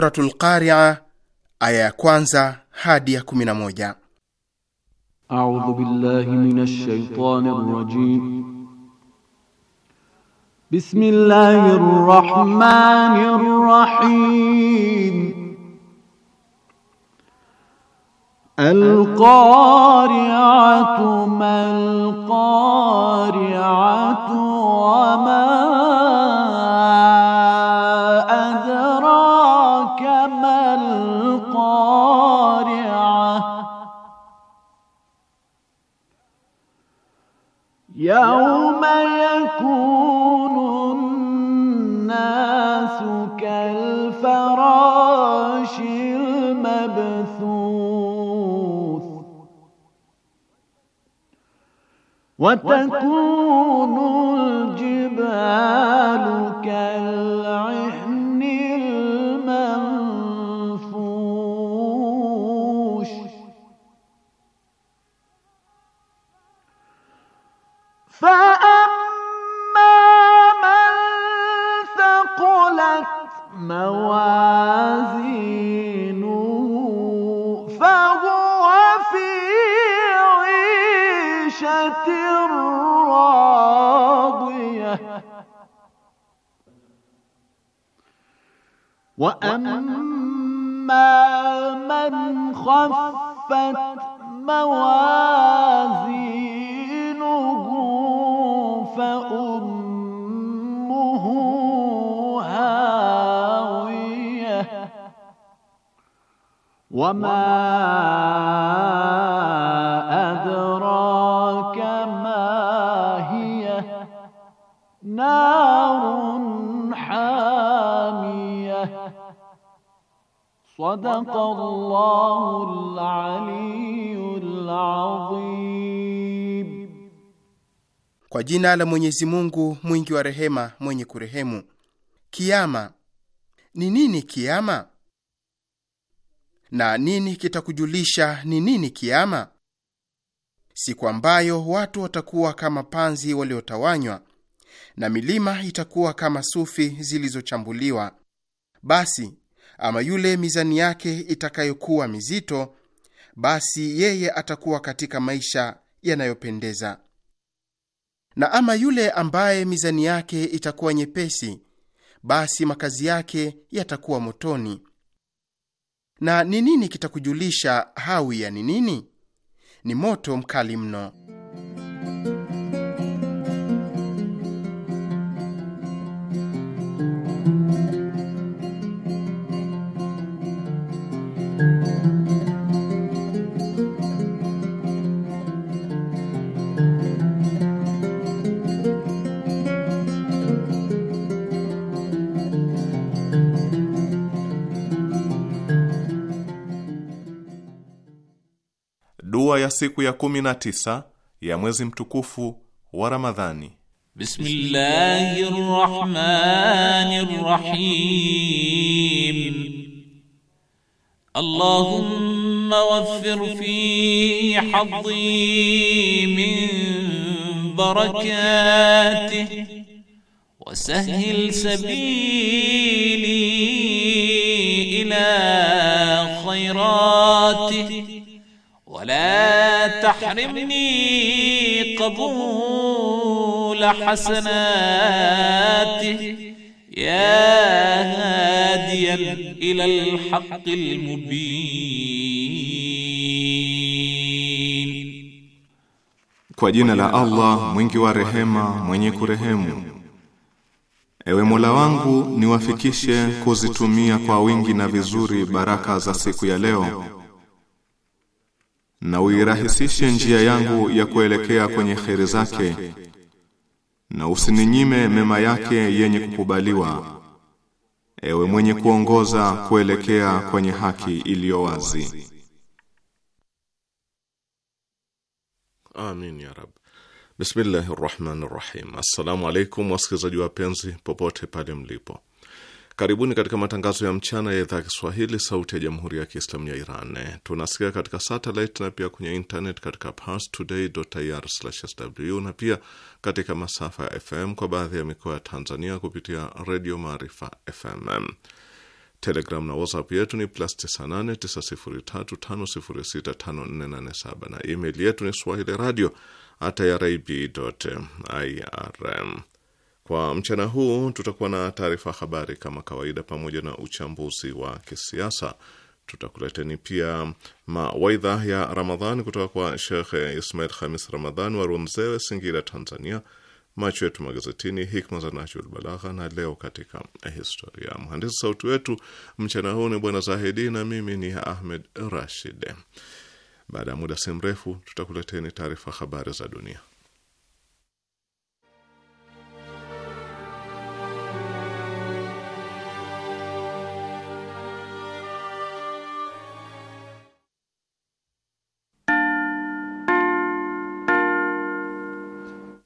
Suratul Qaria aya ya kwanza hadi ya 11. A'udhu billahi minash shaitanir rajim. Bismillahir rahmanir rahim. Al-qari'atu mal يوم يكون الناس كالفراش المبثوث وتكون الجبال وأما من خفت موازينه فأمه هاوية وما Kwa jina la Mwenyezi Mungu mwingi wa rehema mwenye kurehemu. Kiama ni nini? Kiama na nini kitakujulisha ni nini kiama? Siku ambayo watu watakuwa kama panzi waliotawanywa na milima itakuwa kama sufi zilizochambuliwa. Basi ama yule mizani yake itakayokuwa mizito, basi yeye atakuwa katika maisha yanayopendeza. Na ama yule ambaye mizani yake itakuwa nyepesi, basi makazi yake yatakuwa motoni. Na ni nini kitakujulisha hawi ya ni nini? Ni moto mkali mno. siku ya kumi na tisa ya mwezi mtukufu wa Ramadhani. Bismillahir Rahmanir Rahim. Allahumma waffir fi haddi min barakatih wa sahhil sabili ila khairat تحرمني قبول حسناته يا هاديا الى الحق المبين Kwa jina la Allah mwingi wa rehema mwenye kurehemu Ewe Mola wangu niwafikishe kuzitumia kwa wingi na vizuri baraka za siku ya leo na uirahisishe njia yangu ya kuelekea kwenye kheri zake na usininyime mema yake yenye kukubaliwa ewe mwenye kuongoza kuelekea kwenye haki iliyo wazi amin ya rab bismillahir rahim assalamu alaikum wasikilizaji wapenzi popote pale mlipo Karibuni katika matangazo ya mchana ya idhaa ya Kiswahili, sauti ya jamhuri ya kiislamu ya Iran. Tunasikia katika satelit na pia kwenye internet katika parstoday.ir/sw na pia katika masafa ya FM kwa baadhi ya mikoa ya Tanzania kupitia redio Maarifa FM. Telegram na WhatsApp yetu ni plus 989035065487 na email yetu ni swahili radio at irib.ir. Kwa mchana huu tutakuwa na taarifa habari kama kawaida, pamoja na uchambuzi wa kisiasa. Tutakuleteni pia mawaidha ya Ramadhani kutoka kwa Shekhe Ismail Khamis Ramadhani wa Runzewe, Singida, Tanzania, macho yetu magazetini, hikma za Nahjul Balagha na leo katika historia. Mhandisi sauti wetu mchana huu ni Bwana Zahidi na mimi ni Ahmed Rashid. Baada ya muda si mrefu, tutakuleteni taarifa habari za dunia.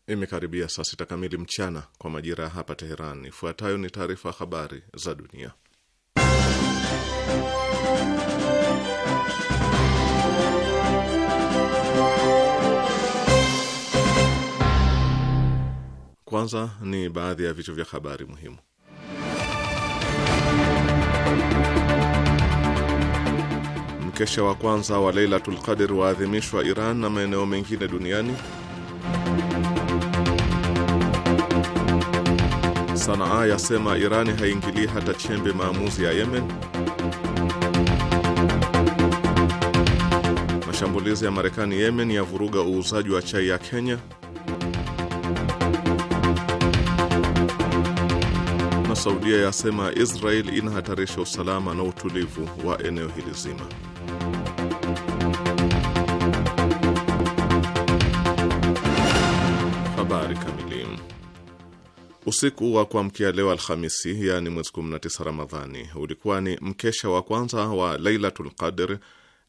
Imekaribia saa sita kamili mchana kwa majira ya hapa Teheran. Ifuatayo ni taarifa habari za dunia. Kwanza ni baadhi ya vichwa vya habari muhimu. Mkesha wa kwanza wa Lailatul Qadr waadhimishwa Iran na maeneo mengine duniani. Sanaa yasema Irani haingilii hata chembe maamuzi ya Yemen. Mashambulizi ya Marekani Yemen yavuruga uuzaji wa chai ya Kenya. Na Saudia yasema Israel inahatarisha usalama na utulivu wa eneo hili zima. Usiku wa kuamkia leo Alhamisi, yaani mwezi 19 Ramadhani, ulikuwa ni mkesha wa kwanza wa Lailatul Qadr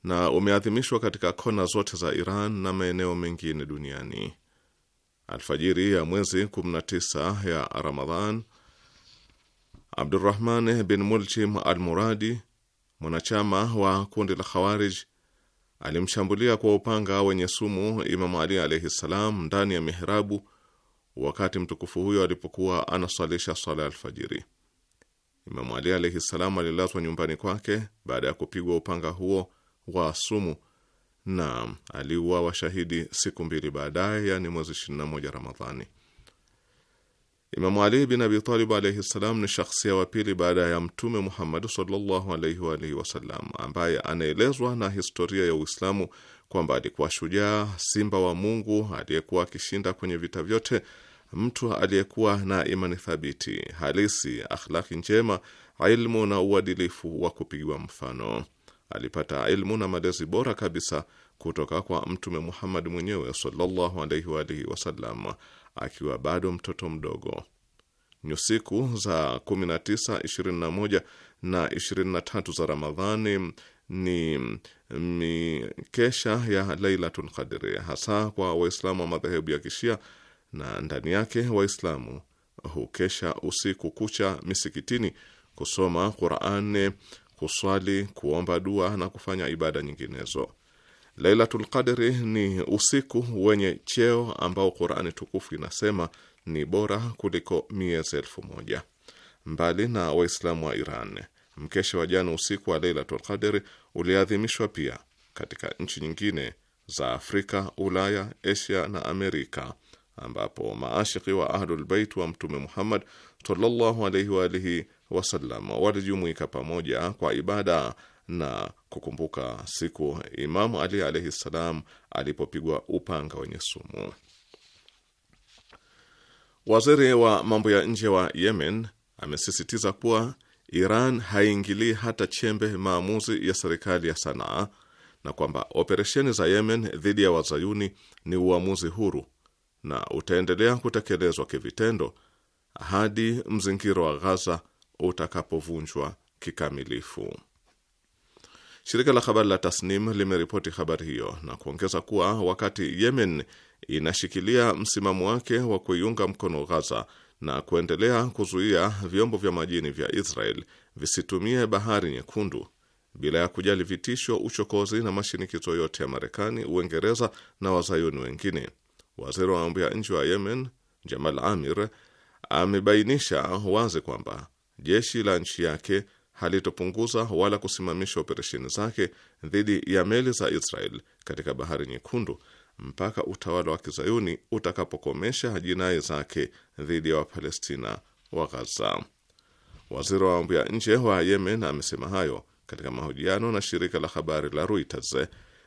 na umeadhimishwa katika kona zote za Iran na maeneo mengine duniani. Alfajiri ya mwezi 19 ya Ramadhan, Abdurrahman bin Mulchim al Muradi, mwanachama wa kundi la Khawarij, alimshambulia kwa upanga wenye sumu Imamu Ali alaihi ssalam ndani ya mihrabu wakati mtukufu huyo alipokuwa anaswalisha swala ya alfajiri. Imamu Ali alaihi ssalam alilazwa nyumbani kwake baada ya kupigwa upanga huo wa sumu na aliuawa shahidi siku mbili baadaye, yani mwezi 21 Ramadhani. Imamu Ali bin Abi Talib alaihi ssalam ni shakhsia wa pili baada ya Mtume Muhammad sallallahu alaihi wa alihi wasallam, ambaye anaelezwa na historia ya Uislamu kwamba alikuwa shujaa, simba wa Mungu aliyekuwa akishinda kwenye vita vyote mtu aliyekuwa na imani thabiti halisi, akhlaki njema, ilmu na uadilifu wa kupigiwa mfano. Alipata ilmu na malezi bora kabisa kutoka kwa Mtume Muhammad mwenyewe sallallahu alaihi wa alihi wasallam akiwa bado mtoto mdogo. Nyusiku za 19, 21 na 23 za Ramadhani ni mikesha ya Lailatul Qadri, hasa kwa Waislamu wa madhehebu ya Kishia na ndani yake Waislamu hukesha usiku kucha misikitini kusoma Qur'an, kuswali, kuomba dua na kufanya ibada nyinginezo. Lailatul Qadri ni usiku wenye cheo ambao Qur'ani tukufu inasema ni bora kuliko miezi elfu moja. Mbali na Waislamu wa Iran, mkesha wa jana usiku wa Lailatul Qadri uliadhimishwa pia katika nchi nyingine za Afrika, Ulaya, Asia na Amerika ambapo maashiki wa Ahlulbeit wa Mtume Muhammad sallallahu alaihi wa alihi wasallam walijumuika pamoja kwa ibada na kukumbuka siku Imamu Ali alaihi ssalam alipopigwa upanga wenye sumu. Waziri wa mambo ya nje wa Yemen amesisitiza kuwa Iran haiingilii hata chembe maamuzi ya serikali ya Sanaa na kwamba operesheni za Yemen dhidi ya wazayuni ni uamuzi huru na utaendelea kutekelezwa kivitendo hadi mzingiro wa Ghaza utakapovunjwa kikamilifu. Shirika la habari la Tasnim limeripoti habari hiyo na kuongeza kuwa wakati Yemen inashikilia msimamo wake wa kuiunga mkono Ghaza na kuendelea kuzuia vyombo vya majini vya Israel visitumie bahari nyekundu bila ya kujali vitisho, uchokozi na mashinikizo yote ya Marekani, Uingereza na wazayuni wengine Waziri wa mambo ya nje wa Yemen Jamal Amir amebainisha wazi kwamba jeshi la nchi yake halitopunguza wala kusimamisha operesheni zake dhidi ya meli za Israel katika Bahari Nyekundu mpaka utawala wa kizayuni utakapokomesha jinai zake dhidi ya Wapalestina wa Ghaza. Waziri wa mambo ya nje wa Yemen amesema hayo katika mahojiano na shirika la habari la Reuters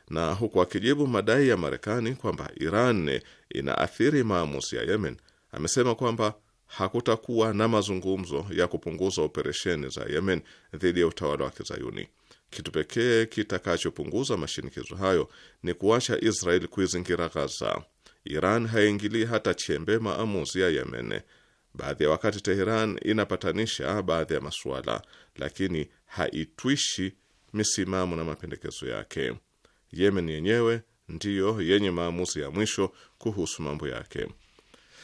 na huku akijibu madai ya Marekani kwamba Iran inaathiri maamuzi ya Yemen, amesema kwamba hakutakuwa na mazungumzo ya kupunguza operesheni za Yemen dhidi ya utawala wa Kizayuni. Kitu pekee kitakachopunguza mashinikizo hayo ni kuacha Israel kuizingira Gaza. Iran haiingilii hata chembe maamuzi ya Yemen. Baadhi ya wakati Teheran inapatanisha baadhi ya masuala, lakini haitwishi misimamo na mapendekezo yake. Yemen yenyewe ndiyo yenye maamuzi ya mwisho kuhusu mambo yake.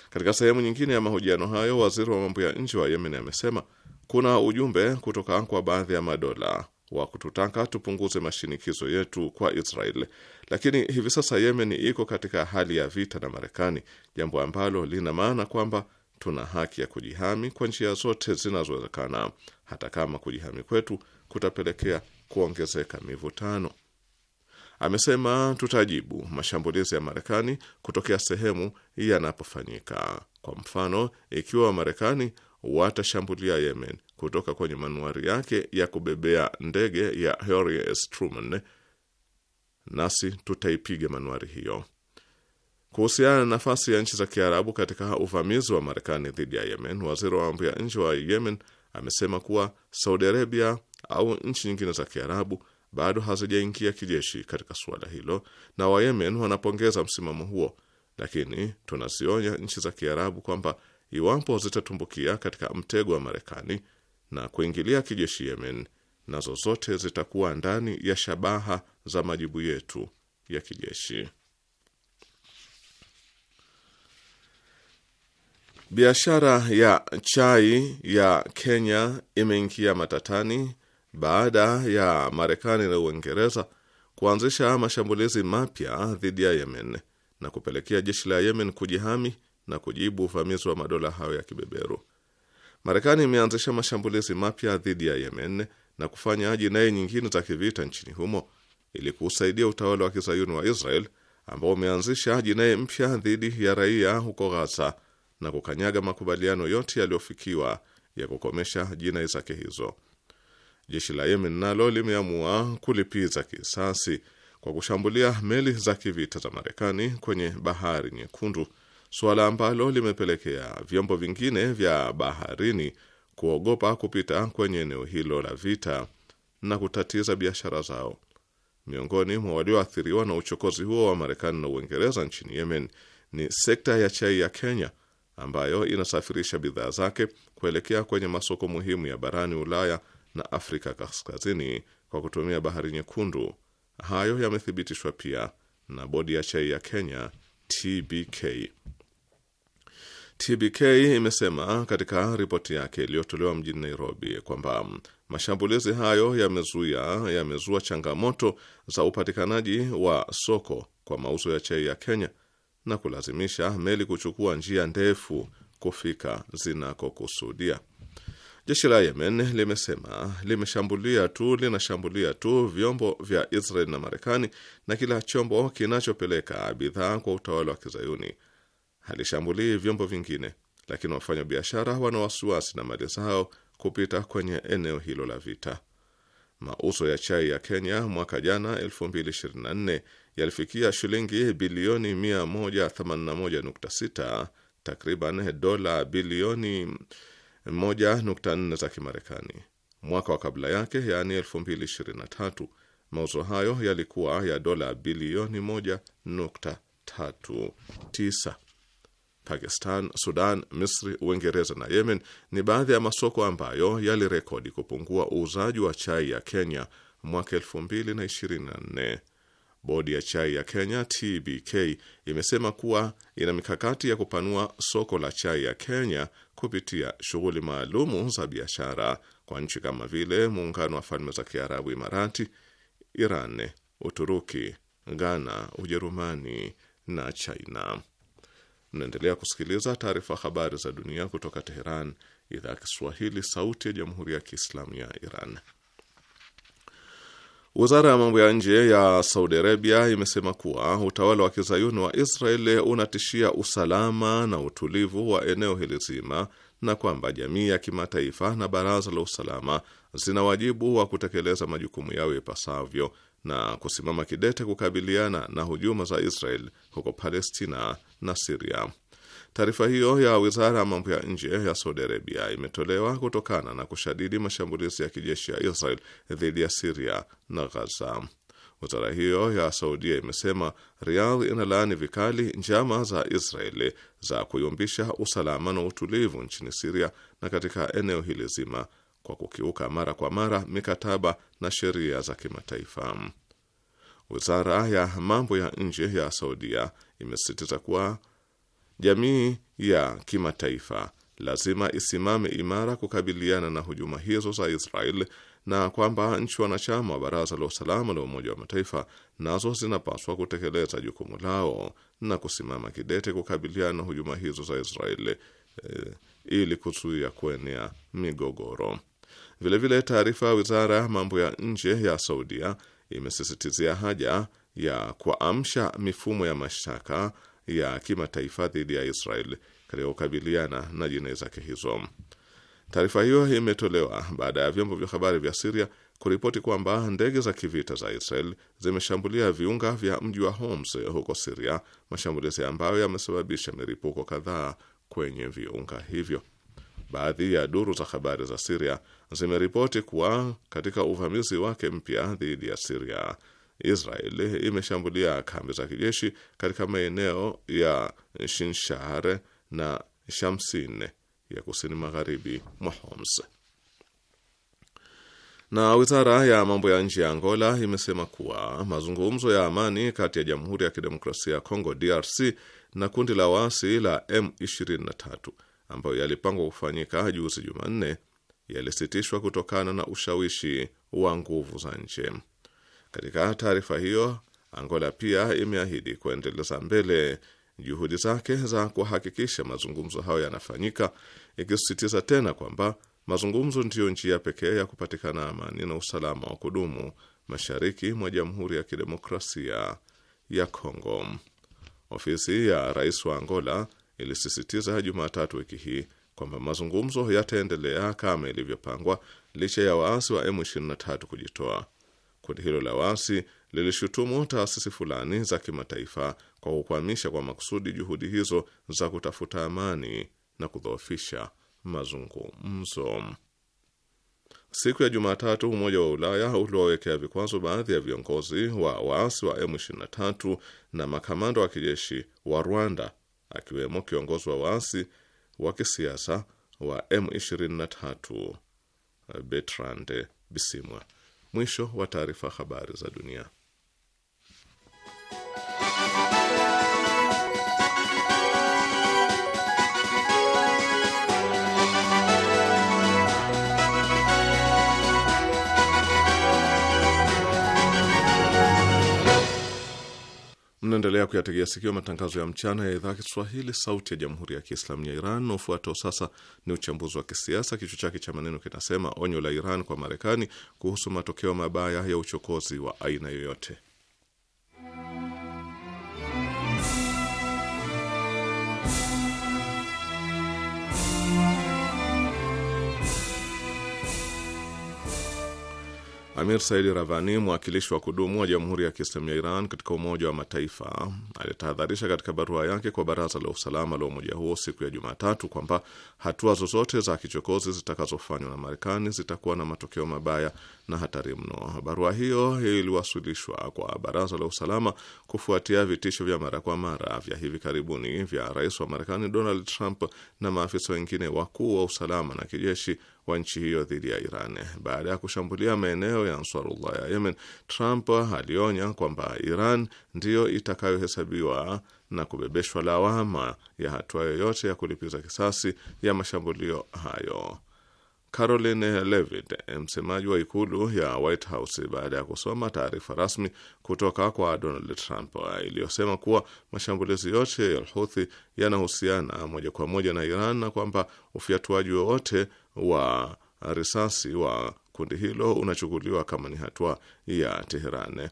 Katika sehemu nyingine ya mahojiano hayo, waziri wa mambo ya nje wa Yemen amesema kuna ujumbe kutoka kwa baadhi ya madola wa kututaka tupunguze mashinikizo yetu kwa Israel, lakini hivi sasa Yemen iko katika hali ya vita na Marekani, jambo ambalo lina maana kwamba tuna haki ya kujihami kwa njia zote zinazowezekana, hata kama kujihami kwetu kutapelekea kuongezeka mivutano amesema tutajibu mashambulizi ya Marekani kutokea sehemu yanapofanyika. Kwa mfano, ikiwa Wamarekani watashambulia Yemen kutoka kwenye manuari yake ya kubebea ndege ya Harry S. Truman, nasi tutaipiga manuari hiyo. Kuhusiana na nafasi ya nchi za Kiarabu katika uvamizi wa Marekani dhidi ya Yemen, waziri wa mambo ya nje wa Yemen amesema kuwa Saudi Arabia au nchi nyingine za Kiarabu bado hazijaingia kijeshi katika suala hilo, na Wayemen wanapongeza msimamo huo, lakini tunazionya nchi za Kiarabu kwamba iwapo zitatumbukia katika mtego wa Marekani na kuingilia kijeshi Yemen, nazo zote zitakuwa ndani ya shabaha za majibu yetu ya kijeshi. Biashara ya chai ya Kenya imeingia matatani baada ya Marekani na Uingereza kuanzisha mashambulizi mapya dhidi ya Yemen na kupelekea jeshi la Yemen kujihami na kujibu uvamizi wa madola hayo ya kibeberu. Marekani imeanzisha mashambulizi mapya dhidi ya Yemen na kufanya jinai nyingine za kivita nchini humo ili kuusaidia utawala wa kizayuni wa Israel ambao umeanzisha jinai mpya dhidi ya raia huko Ghaza na kukanyaga makubaliano yote yaliyofikiwa ya kukomesha jinai zake hizo. Jeshi la Yemen nalo limeamua kulipiza kisasi kwa kushambulia meli za kivita za Marekani kwenye bahari Nyekundu, suala ambalo limepelekea vyombo vingine vya baharini kuogopa kupita kwenye eneo hilo la vita na kutatiza biashara zao. Miongoni mwa walioathiriwa na uchokozi huo wa Marekani na Uingereza nchini Yemen ni sekta ya chai ya Kenya ambayo inasafirisha bidhaa zake kuelekea kwenye masoko muhimu ya barani Ulaya na Afrika Kaskazini kwa kutumia Bahari Nyekundu. Hayo yamethibitishwa pia na bodi ya chai ya Kenya, TBK. TBK imesema katika ripoti yake iliyotolewa mjini Nairobi kwamba mashambulizi hayo yamezuia yamezua changamoto za upatikanaji wa soko kwa mauzo ya chai ya Kenya na kulazimisha meli kuchukua njia ndefu kufika zinakokusudia. Jeshi la Yemen limesema limeshambulia tu linashambulia tu vyombo vya Israel na Marekani na kila chombo kinachopeleka bidhaa kwa utawala wa Kizayuni. Halishambulii vyombo vingine, lakini wafanyabiashara wana wasiwasi na mali zao kupita kwenye eneo hilo la vita. Mauzo ya chai ya Kenya mwaka jana 2024 yalifikia shilingi bilioni 181.6 takriban dola bilioni 1.4 za Kimarekani. Mwaka wa kabla yake, yaani 2023, mauzo hayo yalikuwa ya dola bilioni 1.39. Pakistan, Sudan, Misri, Uingereza na Yemen ni baadhi ya masoko ambayo yalirekodi kupungua uuzaji wa chai ya Kenya mwaka 2024. Bodi ya chai ya Kenya TBK imesema kuwa ina mikakati ya kupanua soko la chai ya Kenya kupitia shughuli maalumu za biashara kwa nchi kama vile Muungano wa Falme za Kiarabu Imarati, Iran, Uturuki, Ghana, Ujerumani na China. Mnaendelea kusikiliza taarifa habari za dunia kutoka Teheran, idhaa ya Kiswahili, sauti ya Jamhuri ya Kiislamu ya Iran. Wizara ya mambo ya nje ya Saudi Arabia imesema kuwa utawala wa kizayuni wa Israeli unatishia usalama na utulivu wa eneo hili zima na kwamba jamii ya kimataifa na baraza la usalama zina wajibu wa kutekeleza majukumu yao ipasavyo na kusimama kidete kukabiliana na hujuma za Israel huko Palestina na Siria. Taarifa hiyo ya wizara ya mambo ya nje ya Saudi Arabia imetolewa kutokana na kushadidi mashambulizi ya kijeshi ya Israel dhidi ya Siria na Ghaza. Wizara hiyo ya Saudia imesema Riyadh inalaani vikali njama za Israeli za kuyumbisha usalama na utulivu nchini Siria na katika eneo hili zima kwa kukiuka mara kwa mara mikataba na sheria za kimataifa. Wizara ya mambo ya nje ya Saudia imesisitiza kuwa Jamii ya kimataifa lazima isimame imara kukabiliana na hujuma hizo za Israel na kwamba nchi wanachama wa Baraza la Usalama la Umoja wa Mataifa nazo zinapaswa kutekeleza jukumu lao na kusimama kidete kukabiliana na hujuma hizo za Israeli e, eh, ili kuzuia kuenea migogoro. Vilevile, taarifa ya wizara ya mambo ya nje ya Saudia imesisitizia haja ya kuamsha mifumo ya mashtaka ya kimataifa dhidi ya Israel katika kukabiliana na jinai zake hizo. Taarifa hiyo imetolewa baada ya vyombo vya habari vya Siria kuripoti kwamba ndege za kivita za Israel zimeshambulia viunga vya mji wa Homs huko Siria, mashambulizi ambayo yamesababisha milipuko kadhaa kwenye viunga hivyo. Baadhi ya duru za habari za Siria zimeripoti kuwa katika uvamizi wake mpya dhidi ya Siria, Israeli imeshambulia kambi za kijeshi katika maeneo ya Shinshar na Shamsin ya kusini magharibi mwa Homs. Na wizara ya mambo ya nje ya Angola imesema kuwa mazungumzo ya amani kati ya Jamhuri ya Kidemokrasia ya Kongo DRC na kundi la waasi la M23 ambayo yalipangwa kufanyika juzi Jumanne yalisitishwa kutokana na ushawishi wa nguvu za nje. Katika taarifa hiyo, Angola pia imeahidi kuendeleza mbele juhudi zake za kuhakikisha mazungumzo hayo yanafanyika, ikisisitiza tena kwamba mazungumzo ndiyo njia pekee ya kupatikana amani na usalama wa kudumu mashariki mwa Jamhuri ya Kidemokrasia ya Kongo. Ofisi ya rais wa Angola ilisisitiza Jumatatu wiki hii kwamba mazungumzo yataendelea kama ilivyopangwa licha ya waasi wa M23 kujitoa. Kundi hilo la waasi lilishutumu taasisi fulani za kimataifa kwa kukwamisha kwa makusudi juhudi hizo za kutafuta amani na kudhoofisha mazungumzo. Siku ya Jumatatu, Umoja wa Ulaya uliowekea vikwazo baadhi ya viongozi wa waasi wa M23 na makamanda wa kijeshi wa Rwanda, akiwemo kiongozi wa waasi wa kisiasa wa M23 Bertrand Bisimwa. Mwisho wa taarifa. Habari za dunia. Mnaendelea kuyategea sikio matangazo ya mchana ya idhaa Kiswahili, sauti ya jamhuri ya kiislamu ya Iran. Na ufuatao sasa ni uchambuzi wa kisiasa, kichwa chake cha maneno kinasema: onyo la Iran kwa Marekani kuhusu matokeo mabaya ya uchokozi wa aina yoyote. Amir Saidi Ravani, mwakilishi wa kudumu wa Jamhuri ya Kiislamu ya Iran katika Umoja wa Mataifa, alitahadharisha katika barua yake kwa Baraza la Usalama la umoja huo siku ya Jumatatu kwamba hatua zozote za kichokozi zitakazofanywa na Marekani zitakuwa na matokeo mabaya na hatari mno. Barua hiyo iliwasilishwa kwa Baraza la Usalama kufuatia vitisho vya mara kwa mara vya hivi karibuni vya rais wa Marekani Donald Trump na maafisa wengine wakuu wa usalama na kijeshi wa nchi hiyo dhidi ya Iran. Baada ya kushambulia maeneo ya Ansarullah ya Yemen, Trump alionya kwamba Iran ndiyo itakayohesabiwa na kubebeshwa lawama ya hatua yoyote ya kulipiza kisasi ya mashambulio hayo. Caroline Levitt, msemaji wa ikulu ya White House, baada ya kusoma taarifa rasmi kutoka kwa Donald Trump iliyosema kuwa mashambulizi yote ya Houthi yanahusiana moja kwa moja na Iran na kwamba ufyatuaji wowote wa risasi wa kundi hilo unachukuliwa kama ni hatua ya Teheran.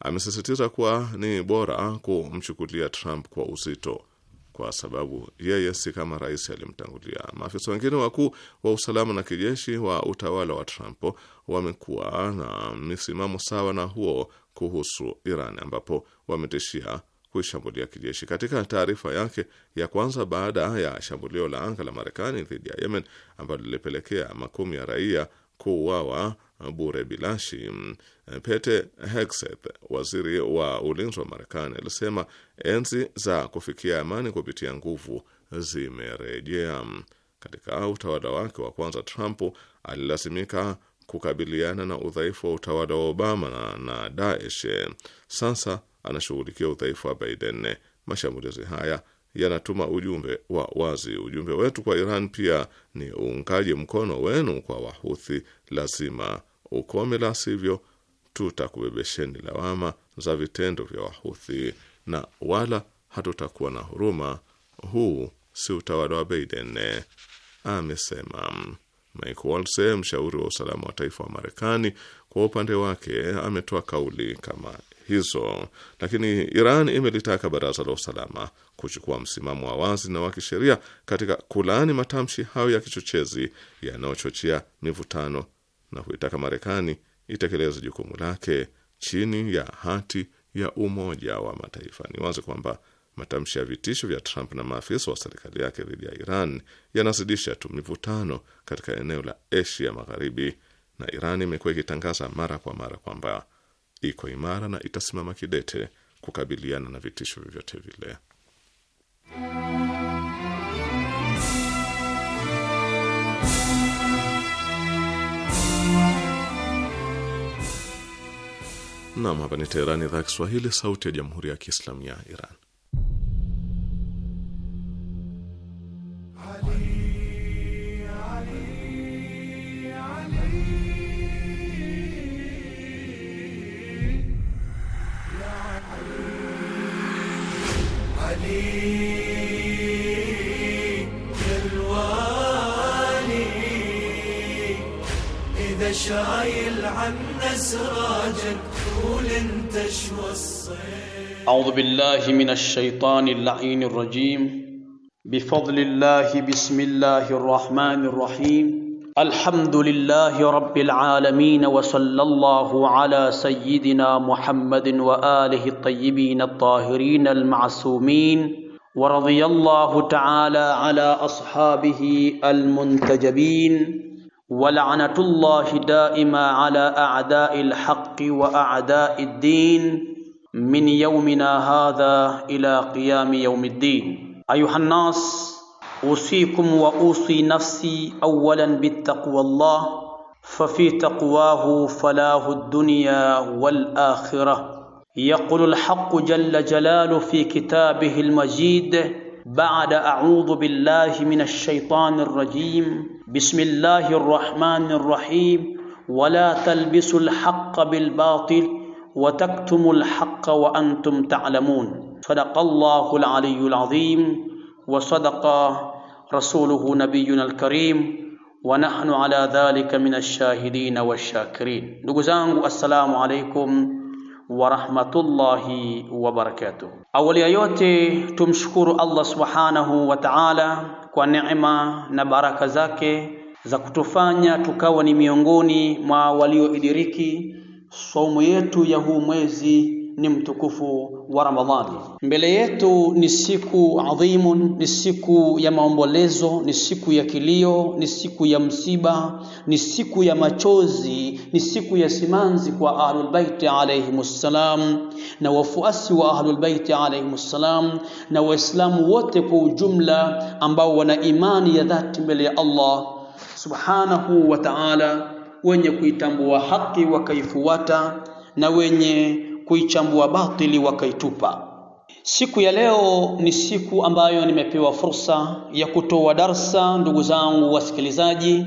Amesisitiza kuwa ni bora kumchukulia Trump kwa uzito kwa sababu yeye si kama rais alimtangulia. Maafisa wengine wakuu wa usalama na kijeshi wa utawala wa Trump wamekuwa na misimamo sawa na huo kuhusu Iran, ambapo wametishia kuishambulia kijeshi. Katika taarifa yake ya kwanza baada ya shambulio la anga la Marekani dhidi ya Yemen ambalo lilipelekea makumi ya raia kuuawa bure bilashi, Pete Hegseth, waziri wa ulinzi wa Marekani, alisema enzi za kufikia amani kupitia nguvu zimerejea. Katika utawala wake wa kwanza, Trump alilazimika kukabiliana na udhaifu wa utawala wa Obama na, na Daesh. Sasa anashughulikia udhaifu wa Biden. Mashambulizi haya yanatuma ujumbe wa wazi. Ujumbe wetu kwa Iran pia ni uungaji mkono wenu kwa Wahuthi lazima ukome, la sivyo tutakubebesheni lawama za vitendo vya Wahuthi na wala hatutakuwa na huruma. Huu si utawala wa Biden, amesema Mike Waltz, mshauri wa usalama wa taifa wa Marekani. Kwa upande wake ametoa kauli kama hizo, lakini Iran imelitaka baraza la usalama kuchukua msimamo wa wazi na wa kisheria katika kulaani matamshi hayo ya kichochezi yanayochochea mivutano na kuitaka Marekani itekeleze jukumu lake chini ya hati ya Umoja wa Mataifa. Ni wazi kwamba matamshi ya vitisho vya Trump na maafisa wa serikali yake dhidi ya Iran yanazidisha tu mivutano katika eneo la Asia Magharibi, na Iran imekuwa ikitangaza mara kwa mara kwamba iko imara na itasimama kidete kukabiliana na vitisho vyovyote vile. Nam, hapa ni Teherani, idhaa Kiswahili, sauti ya jamhuri ya kiislamu ya Iran. شايل عنا سراجك طول انت شو الصيف أعوذ بالله من الشيطان اللعين الرجيم بفضل الله بسم الله الرحمن الرحيم الحمد لله رب العالمين وصلى الله على سيدنا محمد وآله الطيبين الطاهرين المعصومين ورضي الله تعالى على أصحابه المنتجبين ولعنة الله دائما على أعداء الحق وأعداء الدين من يومنا هذا إلى قيام يوم الدين أيها الناس أوصيكم وأوصي نفسي أولا بالتقوى الله ففي تقواه فلاه الدنيا والآخرة يقول الحق جل جلاله في كتابه المجيد بعد أعوذ بالله من الشيطان الرجيم بسم الله الرحمن الرحيم ولا تلبسوا الحق بالباطل وتكتموا الحق وأنتم تعلمون صدق الله العلي العظيم وصدق رسوله نبينا الكريم ونحن على ذلك من الشاهدين والشاكرين نقول السلام عليكم ورحمة الله وبركاته أول يوتي تمشكر الله سبحانه وتعالى kwa neema na baraka zake za kutufanya tukawa ni miongoni mwa walioidiriki saumu yetu ya huu mwezi ni mtukufu wa Ramadhani. Mbele yetu ni siku adhimu, ni siku ya maombolezo, ni siku ya kilio, ni siku ya msiba, ni siku ya machozi, ni siku ya simanzi kwa Ahlul alayhim alayhimussalam na wafuasi wa Ahlul Baiti alayhimussalam na Waislamu wote kwa ujumla ambao wana imani ya dhati mbele ya Allah subhanahu wa ta'ala, wenye kuitambua haki wakaifuata na wenye kuichambua batili wakaitupa. Siku ya leo ni siku ambayo nimepewa fursa ya kutoa darsa. Ndugu zangu wasikilizaji,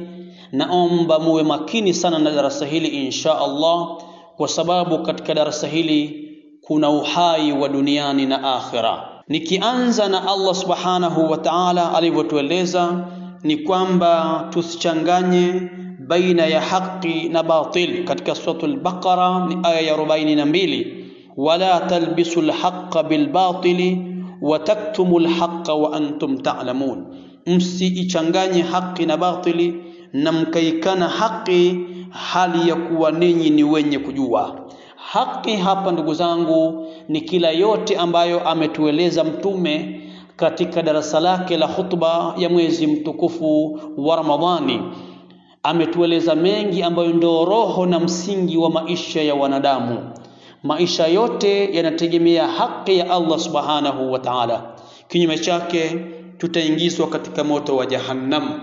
naomba muwe makini sana na darasa hili insha Allah, kwa sababu katika darasa hili kuna uhai wa duniani na akhira. Nikianza na Allah subhanahu wa ta'ala alivyotueleza ni kwamba tusichanganye baina ya haqi na batil katika suratul Baqara ni aya ya 42, wala talbisu lhaqa bilbatili wataktumu lhaqa wa antum ta'lamun, msiichanganye haqi na batili na mkaikana haqi hali ya kuwa ninyi ni wenye kujua. Haki hapa ndugu zangu ni kila yote ambayo ametueleza Mtume katika darasa lake la hutuba ya mwezi mtukufu wa Ramadhani ametueleza mengi ambayo ndio roho na msingi wa maisha ya wanadamu. Maisha yote yanategemea haki ya Allah subhanahu wa ta'ala, kinyume chake tutaingizwa katika moto wa Jahannam.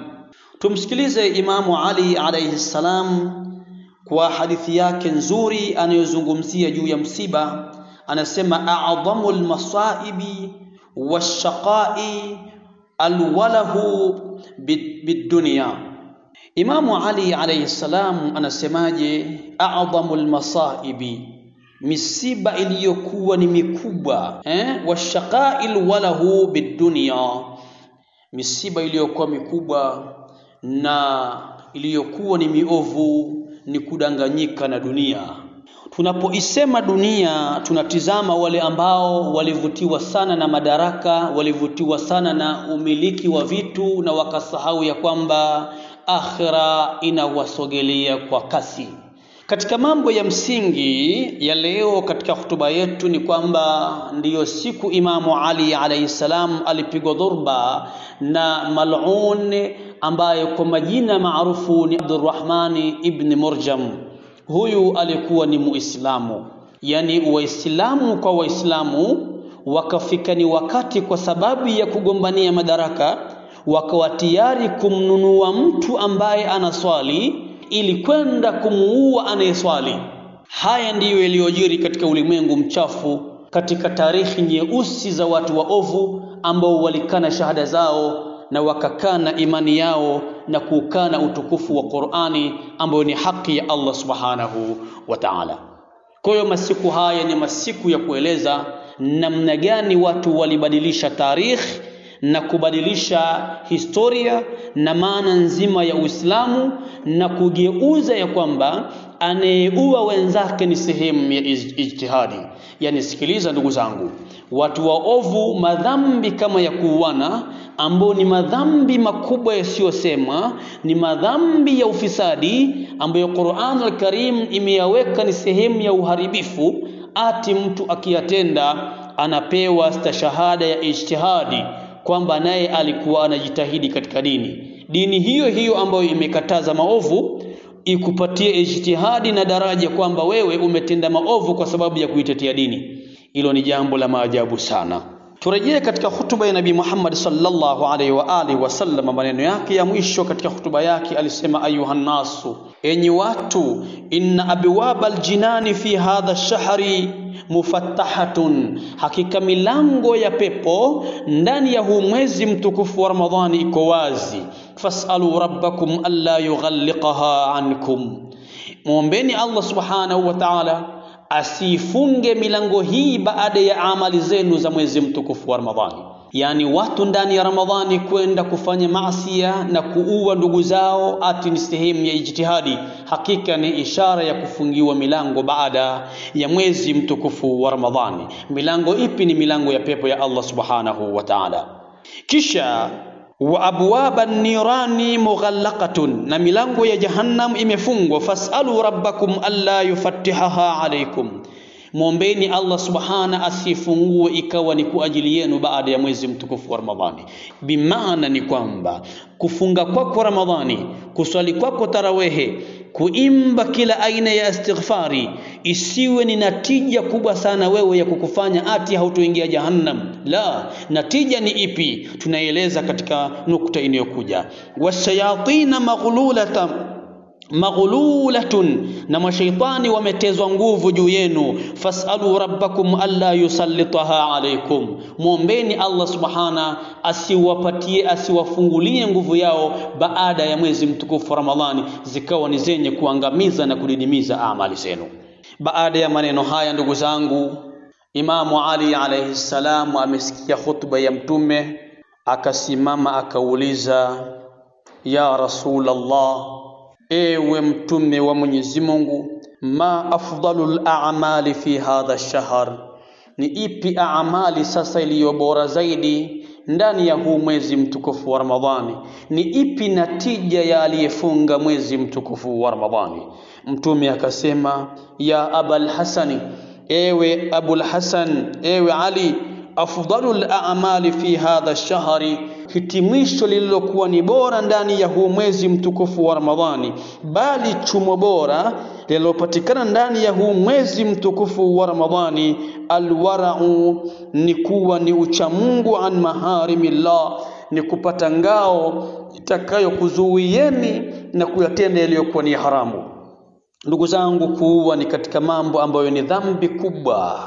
Tumsikilize Imamu Ali alayhi salam kwa hadithi yake nzuri anayozungumzia juu ya msiba, anasema a'dhamu almasaibi washaqai alwalahu bidunya Imamu Ali alayhi salam anasemaje? adhamul masaibi, misiba iliyokuwa ni mikubwa eh? washaqail walahu bidunia, misiba iliyokuwa mikubwa na iliyokuwa ni miovu ni kudanganyika na dunia. Tunapoisema dunia, tunatizama wale ambao walivutiwa sana na madaraka, walivutiwa sana na umiliki wa vitu na wakasahau ya kwamba akhira inawasogelea kwa kasi. Katika mambo ya msingi ya leo katika hotuba yetu ni kwamba ndiyo siku Imamu Ali alayhi salam alipigwa dhurba na mal'un ambaye kwa majina maarufu ni Abdurrahmani ibn Murjam. Huyu alikuwa ni Muislamu, yani Waislamu kwa Waislamu wakafikani wakati kwa sababu ya kugombania madaraka wakawa tayari kumnunua mtu ambaye anaswali ili kwenda kumuua anayeswali. Haya ndiyo yaliyojiri katika ulimwengu mchafu, katika tarehe nyeusi za watu waovu ambao walikana shahada zao na wakakana imani yao na kuukana utukufu wa Qur'ani ambayo ni haki ya Allah Subhanahu wa Ta'ala. Kwa hiyo masiku haya ni masiku ya kueleza namna gani watu walibadilisha tarikhi na kubadilisha historia na maana nzima ya Uislamu na kugeuza ya kwamba anayeua wenzake ni sehemu ya ijtihadi. Yani, sikiliza ndugu zangu, watu waovu, madhambi kama ya kuuana ambao ni madhambi makubwa yasiyosema, ni madhambi ya ufisadi ambayo Qur'an al-Karim imeyaweka ni sehemu ya uharibifu, ati mtu akiyatenda anapewa stashahada ya ijtihadi kwamba naye alikuwa anajitahidi katika dini. Dini hiyo hiyo ambayo imekataza maovu ikupatie ijtihadi na daraja kwamba wewe umetenda maovu kwa sababu ya kuitetea dini. Hilo ni jambo la maajabu sana. Turejee katika hutuba ya Nabii Muhammad sallallahu alaihi wa alihi wasallam, maneno yake ya mwisho katika hutuba yake alisema: ayuhan nasu, enyi watu, inna abwaba aljinani fi hadha shahri mufattahatun, hakika milango ya pepo ndani ya huu mwezi mtukufu wa Ramadhani iko wazi. Fasalu rabbakum alla yughalliqaha ankum, mwombeni Allah subhanahu wa ta'ala asifunge milango hii baada ya amali zenu za mwezi mtukufu wa Ramadhani yani watu ndani ya Ramadhani kwenda kufanya maasi na kuua ndugu zao, ati ni sehemu ya ijtihadi, hakika ni ishara ya kufungiwa milango baada ya mwezi mtukufu wa Ramadhani. Milango ipi? Ni milango ya pepo ya Allah subhanahu wa ta'ala. Kisha wa abwaba nirani mughallaqatun, na milango ya jahannam imefungwa. Fasalu rabbakum alla yufattihaha alaykum mwombeni Allah subhana asifungue ikawa ni kwa ajili yenu baada ya mwezi mtukufu wa Ramadhani. Bimaana ni kwamba kufunga kwako kwa Ramadhani, kuswali kwako kwa tarawehe, kuimba kila aina ya istighfari isiwe ni natija kubwa sana wewe ya kukufanya ati hautoingia jahannam. La, natija ni ipi? Tunaeleza katika nukta inayokuja, washayatina maghlulata maghlulatun na mashaitani wametezwa nguvu juu yenu, fasalu rabbakum alla yusallitaha alaikum, mwombeni Allah subhana asiwapatie asiwafungulie nguvu yao baada ya mwezi mtukufu Ramadhani, zikawa ni zenye kuangamiza na kudidimiza amali zenu. Baada ya maneno haya, ndugu zangu, Imamu Ali alaihi salam amesikia khutba ya Mtume, akasimama akauliza, ya Rasulullah Ewe Mtume wa Mwenyezi Mungu, ma afdalu a'mali fi hadha shahr, ni ipi amali sasa iliyo bora zaidi ndani ya huu mwezi mtukufu wa Ramadhani? Ni ipi natija ya aliyefunga mwezi mtukufu wa Ramadhani? Mtume akasema, ya abal hasani, ewe abul hasan, ewe Ali, afdalu a'mali fi hadha shahri hitimisho lililokuwa ni bora ndani ya huu mwezi mtukufu wa Ramadhani, bali chumo bora lililopatikana ndani ya huu mwezi mtukufu wa Ramadhani, alwarau ni kuwa ni uchamungu an maharimillah, ni kupata ngao itakayokuzuieni na kuyatenda yaliyokuwa ni haramu. Ndugu zangu, kuua ni katika mambo ambayo ni dhambi kubwa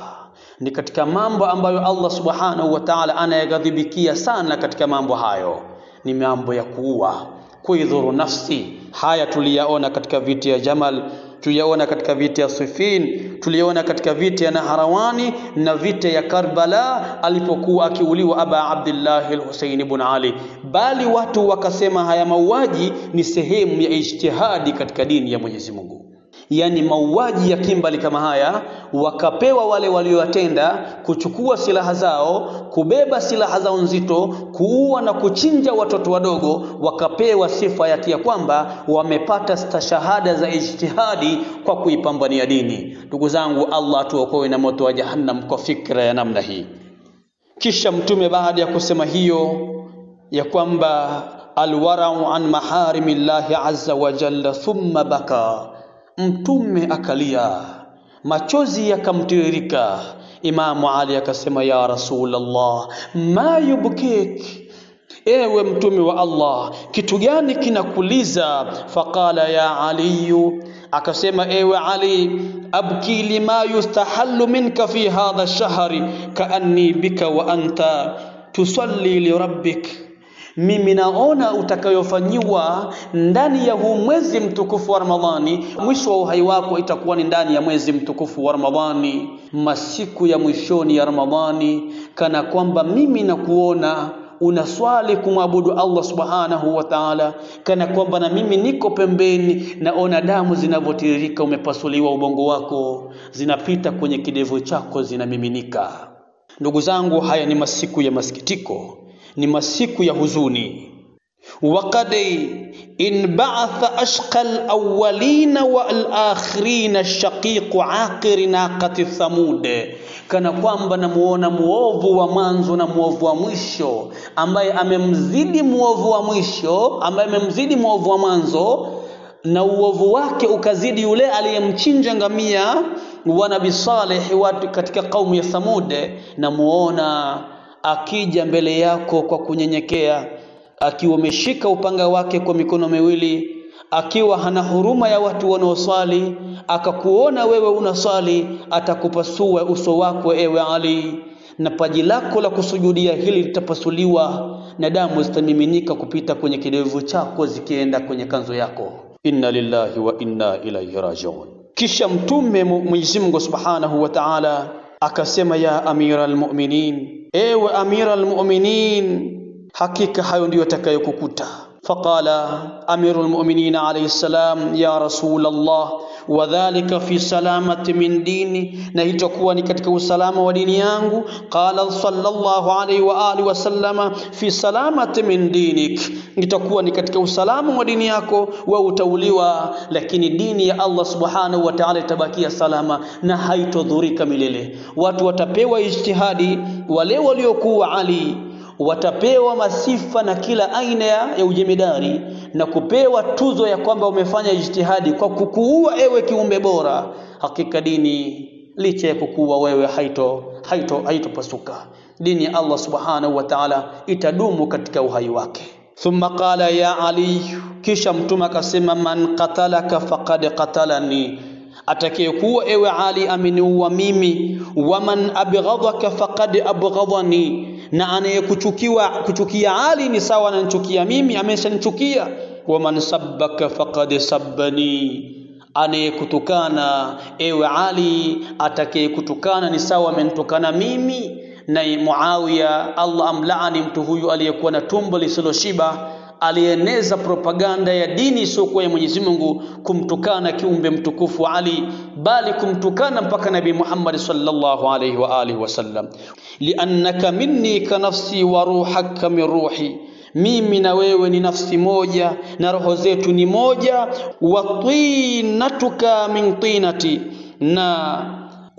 ni katika mambo ambayo Allah subhanahu wa ta'ala anayaghadhibikia sana. Katika mambo hayo ni mambo ya kuua, kuidhuru nafsi. Haya tuliyaona katika viti ya Jamal, tuliyaona katika vita ya Siffin, tuliyaona katika vita ya Naharawani na viti ya Karbala alipokuwa akiuliwa Aba Abdillahi al-Husaini ibn Ali. Bali watu wakasema haya mauaji ni sehemu ya ijtihadi katika dini ya Mwenyezi Mungu yani mauaji ya kimbali kama haya, wakapewa wale walioyatenda kuchukua silaha zao, kubeba silaha zao nzito, kuua na kuchinja watoto wadogo, wakapewa sifa yati ya kwamba wamepata stashahada za ijtihadi kwa kuipambania dini. Ndugu zangu, Allah atuokoe na moto wa jahannam kwa fikra ya namna hii. Kisha Mtume baada ya kusema hiyo ya kwamba alwarau an maharimillahi azza wa jalla thumma baka Mtume akalia, machozi yakamtiririka. Imamu Ali akasema, ya Rasulullah, ma yubkik Ewe mtume wa Allah, kitu gani kinakuliza? Faqala ya Aliyu, akasema ewe Ali, abki lima yustahallu minka fi hadha shahri kaanni bika wa anta tusalli li rabbik mimi naona utakayofanyiwa ndani ya huu mwezi mtukufu wa Ramadhani. Mwisho wa uhai wako itakuwa ni ndani ya mwezi mtukufu wa Ramadhani, masiku ya mwishoni ya Ramadhani, kana kwamba mimi nakuona unaswali kumwabudu Allah subhanahu wa ta'ala, kana kwamba na mimi niko pembeni, naona damu zinavyotiririka, umepasuliwa ubongo wako, zinapita kwenye kidevu chako, zinamiminika. Ndugu zangu, haya ni masiku ya masikitiko ni masiku ya huzuni وقد إن بعث أشقى الأولين والآخرين الشقيق عاقر ناقة ثمود kana kwamba namuona muovu wa mwanzo na muovu wa mwisho ambaye amemzidi muovu wa mwisho ambaye amemzidi muovu wa mwanzo na uovu wake ukazidi yule aliyemchinja ngamia wa Nabii Saleh katika kaumu ya Thamud namuona akija mbele yako kwa kunyenyekea, akiwa ameshika upanga wake kwa mikono miwili akiwa hana huruma ya watu wanaoswali, akakuona wewe unaswali, atakupasua uso wako, ewe Ali, na paji lako la kusujudia hili litapasuliwa, na damu zitamiminika kupita kwenye kidevu chako zikienda kwenye kanzo yako. Inna lillahi wa inna ilaihi rajiun. Kisha Mtume Mwenyezi Mungu Subhanahu wa Ta'ala akasema, ya amira almu'minin Ewe Amira Almu'minin, hakika hayo ndiyo atakayokukuta. فقال امير المؤمنين عليه السلام يا رسول الله وذلك fi salamati min dini, na hitakuwa ni katika usalama wa dini yangu. Qala sallallahu alaihi wa alihi wasallama fi salamati min dinik, nitakuwa ni katika usalama wa dini yako, wa utauliwa, lakini dini ya Allah subhanahu wa ta'ala itabakia salama na haitodhurika milele. Watu watapewa ijtihadi, wale waliokuwa Ali watapewa masifa na kila aina ya ujemedari na kupewa tuzo ya kwamba umefanya ijtihadi kwa kukuua ewe kiumbe bora. Hakika dini licha ya kukuua wewe haito haito haitopasuka. Dini ya Allah subhanahu wa ta'ala itadumu katika uhai wake. Thumma qala ya Ali, kisha mtume akasema, man qatalaka faqad qatalani atakayekuwa ewe Ali ameniua mimi, waman abghadhaka faqad abghadhani na anayekuchukiwa kuchukia Ali ni sawa ananchukia mimi, ameshanichukia. man sabbaka faqad sabbani, anayekutukana ewe Ali, atakayekutukana ni sawa amenitukana mimi. Na Muawiya, Allah amlaani mtu huyu aliyekuwa na tumbo lisiloshiba alieneza propaganda ya dini isiyokuwa ya Mwenyezi Mungu, kumtukana kiumbe mtukufu Ali, bali kumtukana mpaka Nabii Muhammad sallallahu alaihi wa alihi wasallam. liannaka minni ka nafsi wa ruhaka min ruhi mimi na wewe ni nafsi moja na roho zetu ni moja. wa tinatuka min tinati na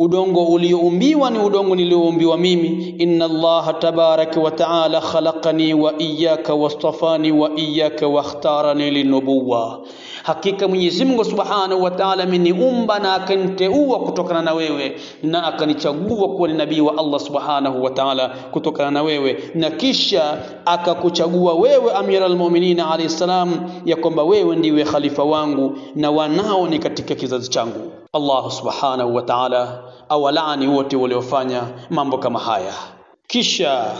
udongo ulioumbiwa ni udongo nilioumbiwa mimi. inna Allaha tabaraka wa taala khalaqani wa iyyaka wastafani wa iyyaka wakhtarani linubuwa, hakika Mwenyezi Mungu subhanahu wa taala ameniumba na akaniteua kutokana na wewe na akanichagua kuwa ni nabii wa Allah subhanahu wa taala kutokana na wewe, na kisha akakuchagua wewe Amira almuminina alayhi salam, ya kwamba wewe ndiwe khalifa wangu na wanao ni katika kizazi changu. Allah subhanahu wa taala awalaani wote waliofanya mambo kama haya. Kisha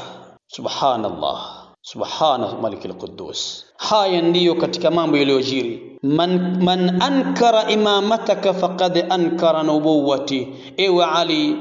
subhanallah, subhana malikil quddus. Haya ndiyo katika mambo yaliyojiri. Man, man ankara imamataka faqad ankara nubuwati. Ewe Ali,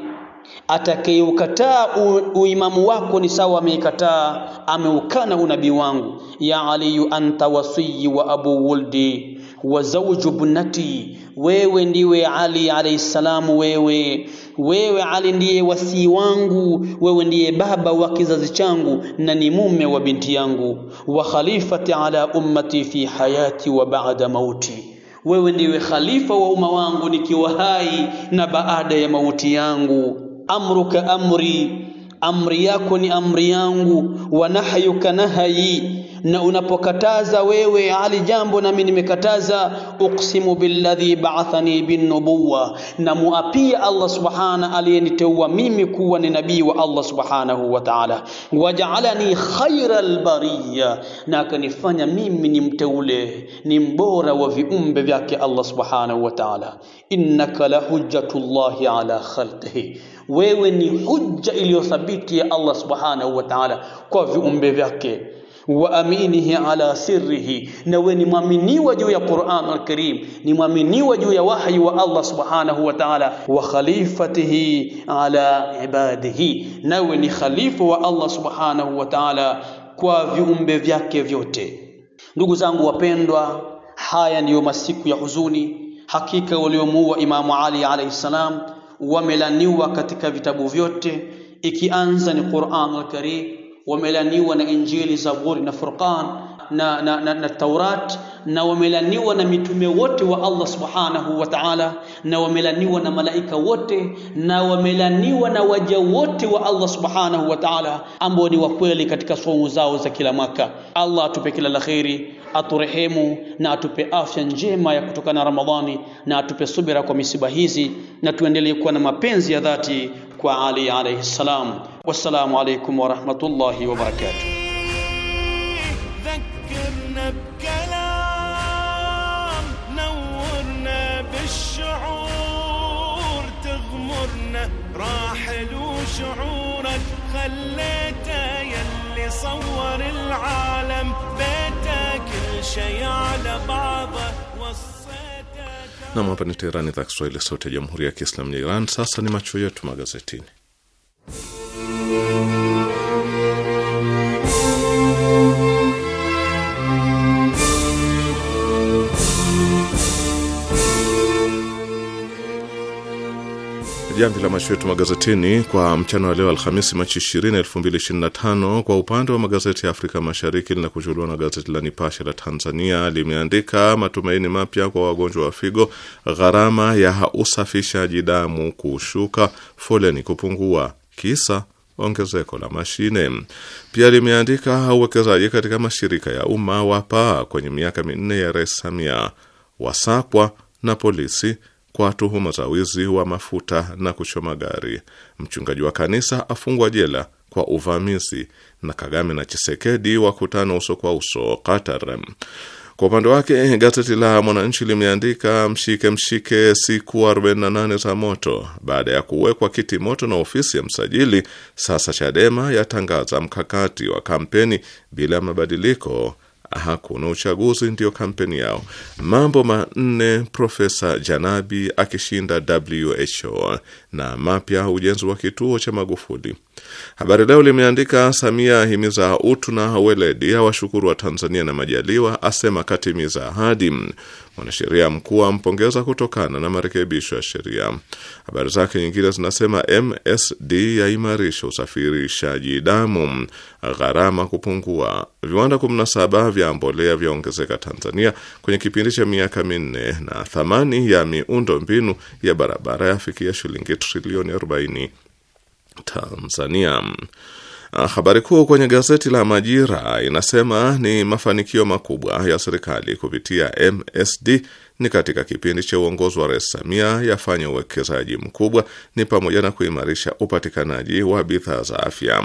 atakayeukataa uimamu wako ni sawa ameikataa ameukana unabii wangu. Ya Aliyu anta wasiyi wa abu wuldi wa zawju bnati, wewe ndiwe Ali alayhi salamu, wewe wewe Ali ndiye wasii wangu, wewe ndiye baba wa kizazi changu na ni mume wa binti yangu. Wa khalifati ala ummati fi hayati wa ba'da mauti wewe ndiwe khalifa wa umma wangu nikiwa hai na baada ya mauti yangu. Amruka amri, amri yako ni amri yangu. Wa nahyuka nahayi na unapokataza wewe Ali jambo nami nimekataza, uksimu billadhi ba'athani binnubuwa na muapia Allah subhana aliyeniteua mimi kuwa ni nabii wa Allah subhanahu wa ta'ala, waja'alani khairal bariya, na akanifanya mimi ni mteule ni mbora wa viumbe vyake Allah subhanahu wa ta'ala. Innaka la hujjatullahi ala khalqihi wewe ni hujja iliyothabiti ya Allah subhanahu wa ta'ala kwa viumbe vyake wa aminihi ala sirrihi, na we ni mwaminiwa juu ya Qur'an al-Karim, ni mwaminiwa juu ya wahyi wa Allah subhanahu wa ta'ala. Wa khalifatihi ala ibadihi, nawe ni khalifa wa Allah subhanahu wa ta'ala kwa viumbe vyake vyote. Ndugu zangu wapendwa, haya ndiyo masiku ya huzuni. Hakika waliomuua Imamu Ali alayhi salam wamelaniwa katika vitabu vyote, ikianza ni Qur'an al-Karim wamelaniwa na Injili, Zaburi na Furqan na, na, na, na Taurat na wamelaniwa na mitume wote wa Allah subhanahu wa ta'ala, na wamelaniwa na malaika wote, na wamelaniwa na waja wote wa Allah subhanahu wa ta'ala ambao ni wakweli katika somo zao za kila mwaka. Allah atupe kila la kheri, aturehemu na atupe afya njema ya kutokana na Ramadhani, na atupe subira kwa misiba hizi, na tuendelee kuwa na mapenzi ya dhati وعلي عليه السلام والسلام عليكم ورحمة الله وبركاته ذكرنا بكلام نورنا بالشعور تغمرنا راحل وشعورك خليته يلي صور العالم بيته كل شي على بعضه Nam, hapa ni Teherani, idhaa Kiswahili, sauti ya jamhuri ya kiislamu ya Iran. Sasa ni macho yetu magazetini. jamvi la macho yetu magazetini kwa mchana wa leo Alhamisi, Machi 20, 2025. Kwa upande wa magazeti ya Afrika Mashariki, linakuchuliwa na gazeti la Nipashe la Tanzania. Limeandika matumaini mapya kwa wagonjwa wa figo, gharama ya usafishaji damu kushuka, foleni kupungua, kisa ongezeko la mashine. Pia limeandika uwekezaji katika mashirika ya umma wapaa kwenye miaka minne ya Rais Samia, wasakwa na polisi kwa tuhuma za wizi wa mafuta na kuchoma gari. Mchungaji wa kanisa afungwa jela kwa uvamizi. Na Kagame na Chisekedi wakutana uso kwa uso Qatar. Kwa upande wake gazeti la Mwananchi limeandika mshike mshike siku 48 za moto baada ya kuwekwa kiti moto na ofisi ya msajili. Sasa Chadema yatangaza mkakati wa kampeni bila mabadiliko hakuna uchaguzi, ndiyo kampeni yao. Mambo manne Profesa Janabi akishinda WHO, na mapya ujenzi wa kituo cha Magufuli. Habari Leo limeandika Samia ahimiza utu na weledi, awashukuru wa Tanzania na Majaliwa, asema katimiza ahadi. Mwanasheria mkuu ampongeza kutokana na marekebisho ya sheria. Habari zake nyingine zinasema MSD yaimarisha usafirishaji damu, gharama kupungua, viwanda 17 vya mbolea vyaongezeka Tanzania kwenye kipindi cha miaka minne, na thamani ya miundo mbinu ya barabara yafikia shilingi trilioni 40. Tanzania. Ah, habari kuu kwenye gazeti la Majira inasema ni mafanikio makubwa ya serikali kupitia MSD ni katika kipindi cha uongozi wa Rais Samia yafanya uwekezaji mkubwa ni pamoja na kuimarisha upatikanaji wa bidhaa za afya.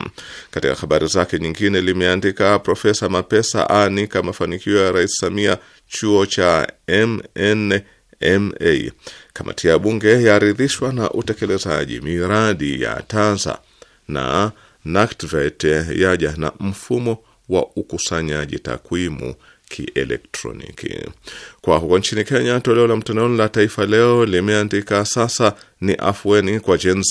Katika habari zake nyingine limeandika Profesa Mapesa anika mafanikio ya Rais Samia chuo cha MN ma. Kamati ya bunge yaridhishwa na utekelezaji miradi ya TAZA na NACTVET yaja na mfumo wa ukusanyaji takwimu kielektroniki. Kwa huko nchini Kenya, toleo la mtandaoni la Taifa Leo limeandika sasa ni afueni kwa Gen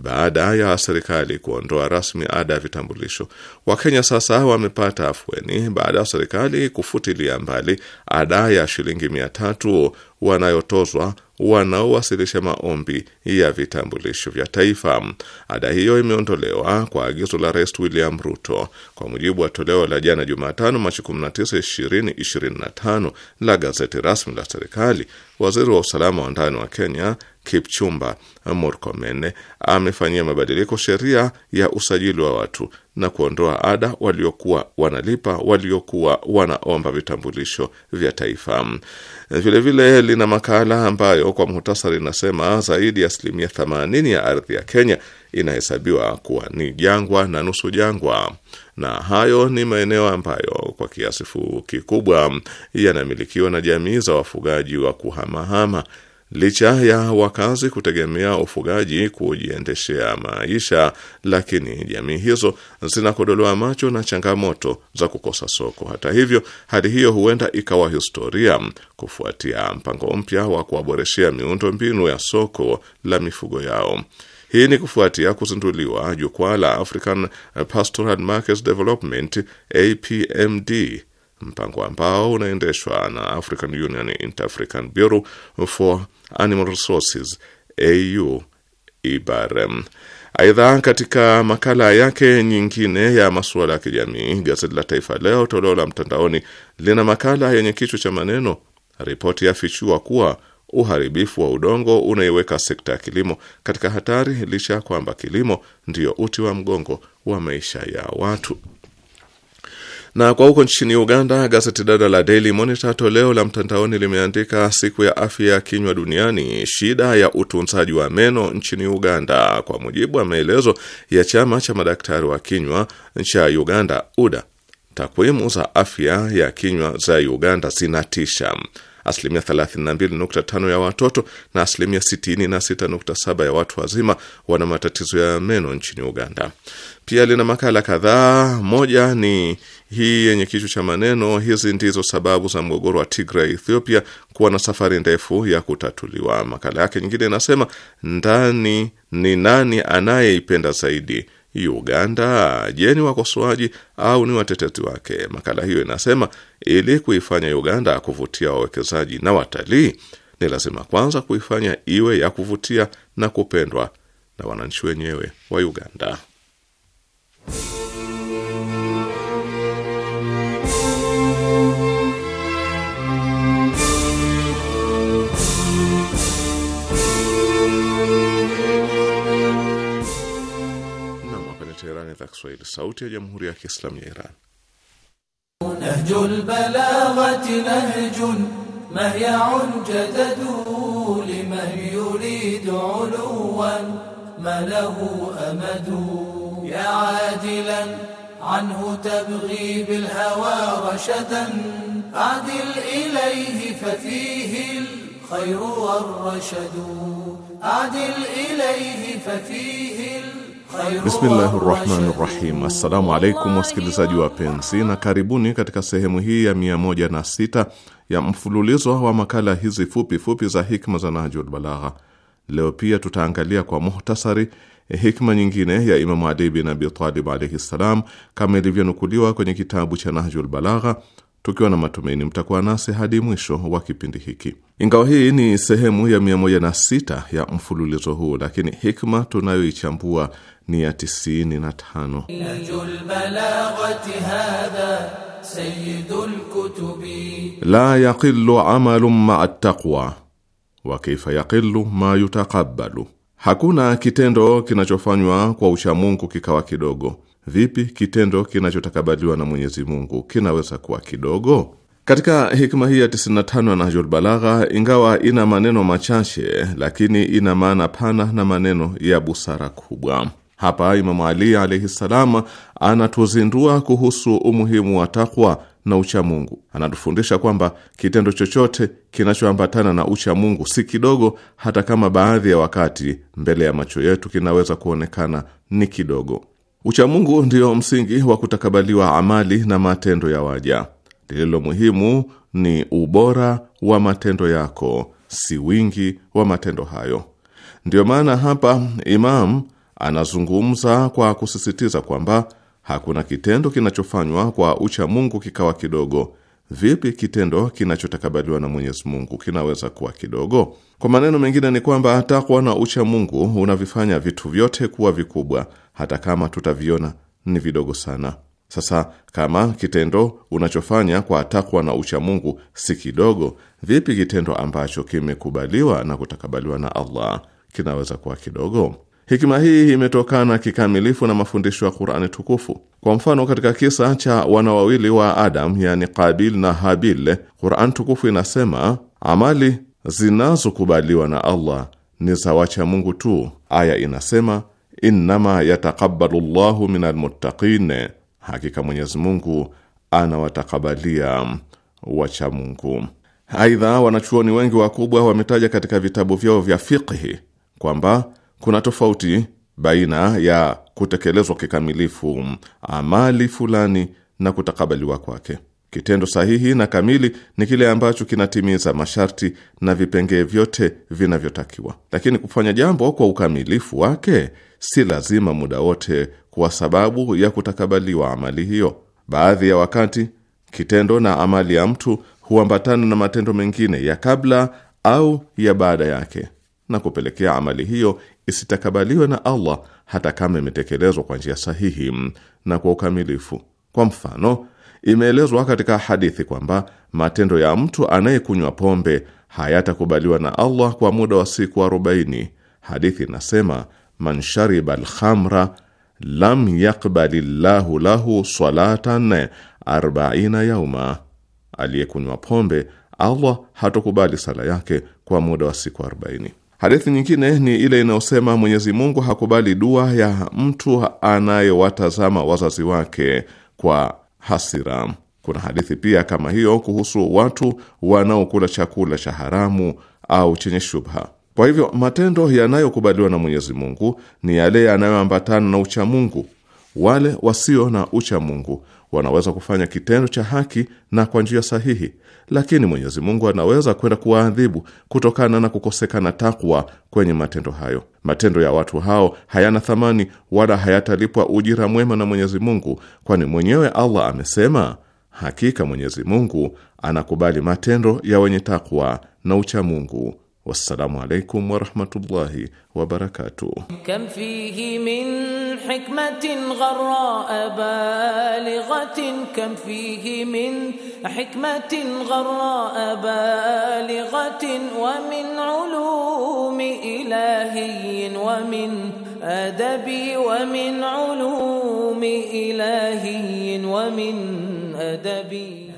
baada ya serikali kuondoa rasmi ada ya vitambulisho. Wakenya sasa wamepata afueni baada ya serikali kufutilia mbali ada ya shilingi mia tatu wanayotozwa wanaowasilisha maombi ya vitambulisho vya taifa. Ada hiyo imeondolewa kwa agizo la Rais William Ruto kwa mujibu wa toleo la jana Jumatano, Machi 19, 2025 la gazeti rasmi la serikali. Waziri wa usalama wa ndani wa Kenya Kipchumba Murkomen amefanyia mabadiliko sheria ya usajili wa watu na kuondoa ada waliokuwa wanalipa waliokuwa wanaomba vitambulisho vya taifa. Vilevile eh, vile lina makala ambayo kwa muhtasari inasema zaidi ya asilimia 80 ya ardhi ya Kenya inahesabiwa kuwa ni jangwa na nusu jangwa, na hayo ni maeneo ambayo kwa kiasi kikubwa yanamilikiwa na jamii za wafugaji wa kuhamahama Licha ya wakazi kutegemea ufugaji kujiendeshea maisha, lakini jamii hizo zinakodolewa macho na changamoto za kukosa soko. Hata hivyo, hali hiyo huenda ikawa historia kufuatia mpango mpya wa kuwaboreshea miundo mbinu ya soko la mifugo yao. Hii ni kufuatia kuzinduliwa jukwaa la African Pastoral Markets Development APMD mpango ambao unaendeshwa na African Union Inter-African Bureau for Animal Resources AU IBAREM. Aidha, katika makala yake nyingine ya masuala ya kijamii, gazeti la Taifa Leo toleo la mtandaoni lina makala yenye kichwa cha maneno ripoti yafichua kuwa uharibifu wa udongo unaiweka sekta ya kilimo katika hatari, licha ya kwamba kilimo ndiyo uti wa mgongo wa maisha ya watu. Na kwa huko nchini Uganda, gazeti dada la Daily Monitor toleo la mtandaoni limeandika siku ya afya ya kinywa duniani, shida ya utunzaji wa meno nchini Uganda, kwa mujibu wa maelezo ya chama cha madaktari wa kinywa cha Uganda UDA. Takwimu za afya ya kinywa za Uganda zinatisha. Asilimia 32.5 ya watoto na asilimia 66.7 ya watu wazima wana matatizo ya meno nchini Uganda. Pia lina makala kadhaa, moja ni hii yenye kichwa cha maneno hizi ndizo sababu za mgogoro wa Tigray Ethiopia kuwa na safari ndefu ya kutatuliwa. Makala yake nyingine inasema ndani ni nani anayeipenda zaidi Uganda? Je, ni wakosoaji au ni watetezi wake? Makala hiyo inasema ili kuifanya Uganda kuvutia wawekezaji na watalii ni lazima kwanza kuifanya iwe ya kuvutia na kupendwa na wananchi wenyewe wa Uganda. Kiswahili, sauti ya jamhuri ya kiislamu ya Iran. Nahjul balaghati nahjun mahyaun jadadu liman yuridu uluwan ma lahu amadu ya adilan anhu tabghi bil hawa rashadan adil ilayhi fafihi al khayru war rashadu adil ilayhi fafihi Bismillahi rahmani rahim. Assalamu alaikum wasikilizaji wapenzi, na karibuni katika sehemu hii ya 16 ya mfululizo wa makala hizi fupi fupi za hikma za Nahjul Balagha. Leo pia tutaangalia kwa muhtasari eh, hikma nyingine ya Imamu Ali bin Abi Talib alaihi ssalam, kama ilivyonukuliwa kwenye kitabu cha Nahjul Balagha tukiwa na matumaini mtakuwa nasi hadi mwisho wa kipindi hiki. Ingawa hii ni sehemu ya 106 ya mfululizo huu, lakini hikma tunayoichambua ni ya 95. La yaqilu amalu maa taqwa wa kaifa yaqilu ma yutaqabbalu, hakuna kitendo kinachofanywa kwa uchamungu kikawa kidogo Vipi kitendo kinachotakabaliwa na Mwenyezi Mungu kinaweza kuwa kidogo? Katika hikma hii ya 95 ya Nahjul Balagha, ingawa ina maneno machache, lakini ina maana pana na maneno ya busara kubwa. Hapa Imamu Ali alaihi ssalam anatuzindua kuhusu umuhimu wa takwa na uchamungu. Anatufundisha kwamba kitendo chochote kinachoambatana na uchamungu si kidogo, hata kama baadhi ya wakati mbele ya macho yetu kinaweza kuonekana ni kidogo. Uchamungu ndiyo msingi wa kutakabaliwa amali na matendo ya waja. Lililo muhimu ni ubora wa matendo yako, si wingi wa matendo hayo. Ndiyo maana hapa Imam anazungumza kwa kusisitiza kwamba hakuna kitendo kinachofanywa kwa uchamungu kikawa kidogo. Vipi kitendo kinachotakabaliwa na Mwenyezi Mungu kinaweza kuwa kidogo? Kwa maneno mengine ni kwamba takwa na ucha Mungu unavifanya vitu vyote kuwa vikubwa, hata kama tutaviona ni vidogo sana. Sasa kama kitendo unachofanya kwa takwa na ucha Mungu si kidogo, vipi kitendo ambacho kimekubaliwa na kutakabaliwa na Allah kinaweza kuwa kidogo? Hikima hii imetokana kikamilifu na mafundisho ya Qur'ani tukufu. Kwa mfano, katika kisa cha wana wawili wa Adam, yani Qabil na Habil, Qur'an tukufu inasema amali zinazokubaliwa na Allah ni za wacha Mungu tu. Aya inasema innama yataqabbalu llahu min almuttaqin, hakika Mwenyezi Mungu anawatakabalia wacha Mungu. Aidha, wanachuoni wengi wakubwa wametaja katika vitabu vyao vya fiqhi kwamba kuna tofauti baina ya kutekelezwa kikamilifu amali fulani na kutakabaliwa kwake. Kitendo sahihi na kamili ni kile ambacho kinatimiza masharti na vipengee vyote vinavyotakiwa, lakini kufanya jambo kwa ukamilifu wake si lazima muda wote kuwa sababu ya kutakabaliwa amali hiyo. Baadhi ya wakati kitendo na amali ya mtu huambatana na matendo mengine ya kabla au ya baada yake na kupelekea amali hiyo isitakabaliwe na Allah hata kama imetekelezwa kwa njia sahihi na kwa ukamilifu. Kwa mfano Imeelezwa katika hadithi kwamba matendo ya mtu anayekunywa pombe hayatakubaliwa na Allah kwa muda wa siku 40. Hadithi inasema man shariba alkhamra lam yaqbali llahu lahu salatan 4 yauma, aliyekunywa pombe Allah hatokubali sala yake kwa muda wa siku 4 Hadithi nyingine ni ile inayosema Mwenyezi Mungu hakubali dua ya mtu anayewatazama wazazi wake kwa hasira. Kuna hadithi pia kama hiyo kuhusu watu wanaokula chakula cha haramu au chenye shubha. Kwa hivyo matendo yanayokubaliwa na Mwenyezi Mungu ni yale yanayoambatana na uchamungu. Wale wasio na uchamungu wanaweza kufanya kitendo cha haki na kwa njia sahihi, lakini Mwenyezi Mungu anaweza kwenda kuwaadhibu kutokana na kukosekana takwa kwenye matendo hayo. Matendo ya watu hao hayana thamani wala hayatalipwa ujira mwema na Mwenyezi Mungu, kwani mwenyewe Allah amesema, hakika Mwenyezi Mungu anakubali matendo ya wenye takwa na uchamungu. Wassalamu alaikum warahmatullahi wabarakatuh. Kam fihi min hikmatin gharra balighatin kam fihi min hikmatin gharra balighatin wa min ulumi ilahiyin wa min adabi wa min ulumi ilahiyin wa min adabi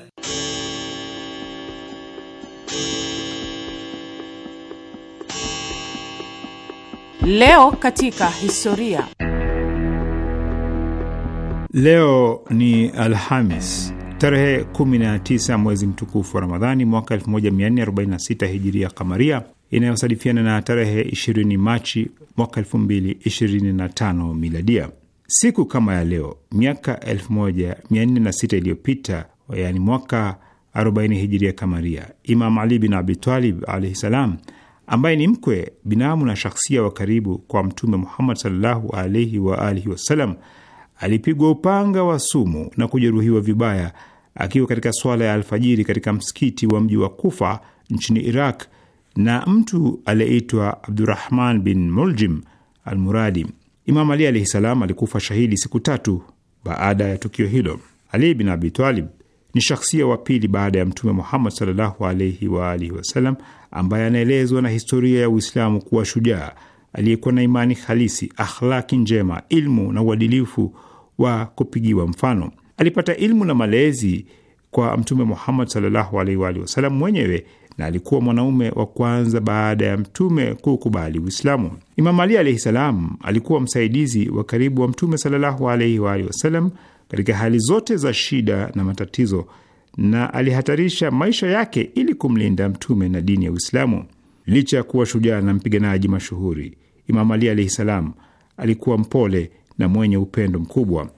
Leo katika historia. Leo ni Alhamis tarehe 19 mwezi mtukufu wa Ramadhani mwaka 1446 hijiria kamaria inayosadifiana na tarehe 20 Machi mwaka 2025 miladia. Siku kama ya leo miaka 1406 iliyopita, yaani mwaka 40 hijiria kamaria, Imam Ali bin Abi Talib alaihi salam ambaye ni mkwe, binamu na shakhsia wa karibu kwa Mtume Muhammad sallallahu alaihi wa alihi wasallam, alipigwa upanga wa sumu na kujeruhiwa vibaya akiwa katika swala ya alfajiri katika msikiti wa mji wa Kufa nchini Iraq na mtu aliyeitwa Abdurahman bin Muljim Almuradi. Imam Ali alaihi salam alikufa shahidi siku tatu baada ya tukio hilo. Ali bin Abi Talib ni shakhsia wa pili baada ya Mtume Muhammad sallallahu alaihi wa alihi wasallam, ambaye anaelezwa na historia ya Uislamu kuwa shujaa aliyekuwa na imani halisi, akhlaki njema, ilmu na uadilifu wa kupigiwa mfano. Alipata ilmu na malezi kwa Mtume Muhammad sallallahu alaihi wa alihi wasallam mwenyewe na alikuwa mwanaume wa kwanza baada ya mtume kukubali Uislamu. Imam Ali alaihi salam alikuwa msaidizi wa karibu wa mtume sallallahu alaihi wa alihi wasallam katika hali zote za shida na matatizo na alihatarisha maisha yake ili kumlinda mtume na dini ya Uislamu. Licha ya kuwa shujaa na mpiganaji mashuhuri, Imam Ali alaihi salam alikuwa mpole na mwenye upendo mkubwa.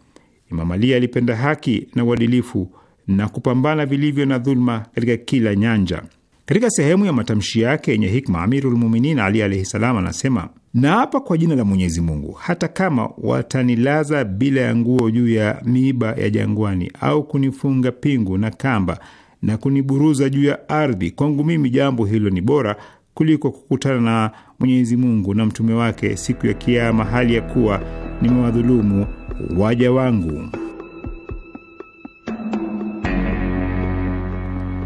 Imam Ali alipenda haki na uadilifu na kupambana vilivyo na dhuluma katika kila nyanja. Katika sehemu ya matamshi yake yenye hikma, Amirulmuminin Ali alaihi salam anasema Naapa kwa jina la Mwenyezi Mungu, hata kama watanilaza bila ya nguo juu ya miiba ya jangwani au kunifunga pingu na kamba na kuniburuza juu ya ardhi, kwangu mimi jambo hilo ni bora kuliko kukutana na Mwenyezi Mungu na mtume wake siku ya Kiama, hali ya kuwa nimewadhulumu waja wangu.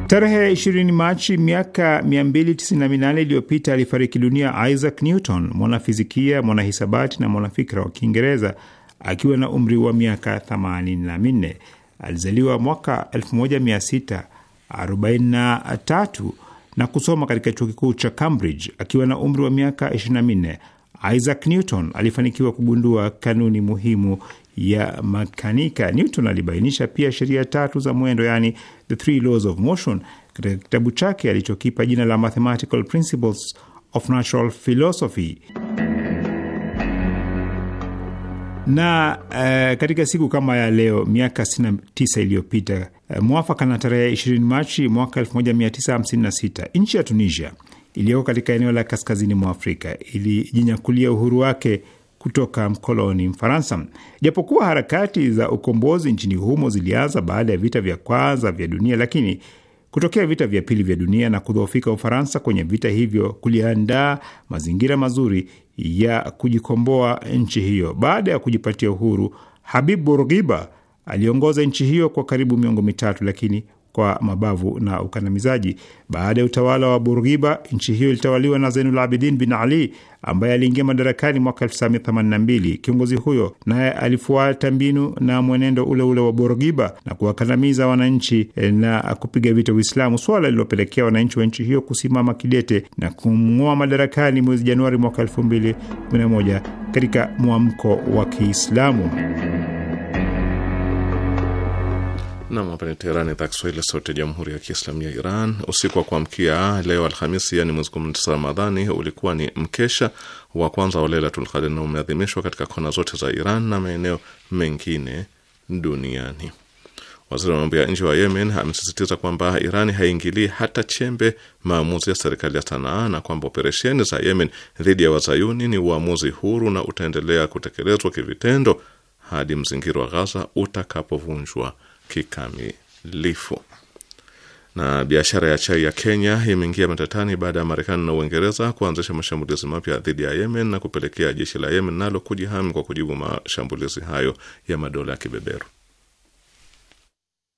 Tarehe 20 Machi miaka 298 iliyopita alifariki dunia Isaac Newton, mwanafizikia, mwanahisabati na mwanafikira wa Kiingereza akiwa na umri wa miaka 84. Alizaliwa mwaka 1643 na kusoma katika chuo kikuu cha Cambridge. Akiwa na umri wa miaka 24, Isaac Newton alifanikiwa kugundua kanuni muhimu ya makanika. Newton alibainisha pia sheria tatu za mwendo, yani the three laws of motion, katika kitabu chake alichokipa jina la Mathematical Principles of Natural Philosophy na uh, katika siku kama ya leo miaka 69 iliyopita uh, mwafaka na tarehe 20 Machi mwaka 1956 nchi ya Tunisia iliyoko katika eneo la kaskazini mwa Afrika ilijinyakulia uhuru wake kutoka mkoloni Mfaransa. Japokuwa harakati za ukombozi nchini humo zilianza baada ya vita vya kwanza vya dunia, lakini kutokea vita vya pili vya dunia na kudhoofika Ufaransa kwenye vita hivyo kuliandaa mazingira mazuri ya kujikomboa nchi hiyo. Baada ya kujipatia uhuru, Habib Bourguiba aliongoza nchi hiyo kwa karibu miongo mitatu, lakini kwa mabavu na ukandamizaji. Baada ya utawala wa Burghiba, nchi hiyo ilitawaliwa na Zainul Abidin bin Ali ambaye aliingia madarakani mwaka 1982. Kiongozi huyo naye alifuata mbinu na mwenendo ule ule wa Burghiba na kuwakandamiza wananchi e, na kupiga vita Uislamu, swala lililopelekea wananchi wa nchi hiyo kusimama kidete na kumng'oa madarakani mwezi Januari mwaka 2011 katika mwamko wa Kiislamu. Nam, hapa ni Teherani, idhaa Kiswahili, sauti ya jamhuri ya kiislamu ya Iran. Usiku wa kuamkia leo Alhamisi, yani mwezi 19 Ramadhani, ulikuwa ni mkesha wa kwanza wa Lailatul Qadr na umeadhimishwa katika kona zote za Iran na maeneo mengine duniani. Waziri wa mambo ya nje wa Yemen amesisitiza kwamba Iran haiingilii hata chembe maamuzi ya serikali ya Sanaa na kwamba operesheni za Yemen dhidi ya wazayuni ni uamuzi huru na utaendelea kutekelezwa kivitendo hadi mzingiro wa Ghaza utakapovunjwa kikamilifu. Na biashara ya chai ya Kenya imeingia matatani baada ya Marekani na Uingereza kuanzisha mashambulizi mapya dhidi ya Yemen na kupelekea jeshi la Yemen nalo kujihami kwa kujibu mashambulizi hayo ya madola ya kibeberu.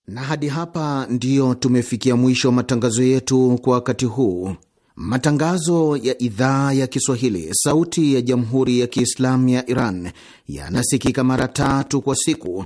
Na hadi hapa ndiyo tumefikia mwisho wa matangazo yetu kwa wakati huu. Matangazo ya idhaa ya Kiswahili, sauti ya jamhuri ya kiislamu ya Iran yanasikika mara tatu kwa siku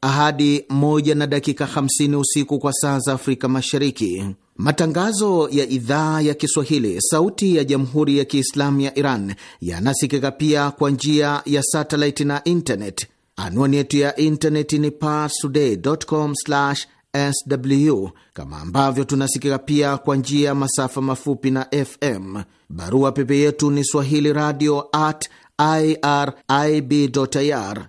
ahadi moja na dakika 50 usiku kwa saa za Afrika Mashariki. Matangazo ya idhaa ya Kiswahili sauti ya Jamhuri ya Kiislamu ya Iran yanasikika pia kwa njia ya satellite na internet. Anwani yetu ya internet ni parstoday.com/sw, kama ambavyo tunasikika pia kwa njia ya masafa mafupi na FM. Barua pepe yetu ni swahili radio at irib.ir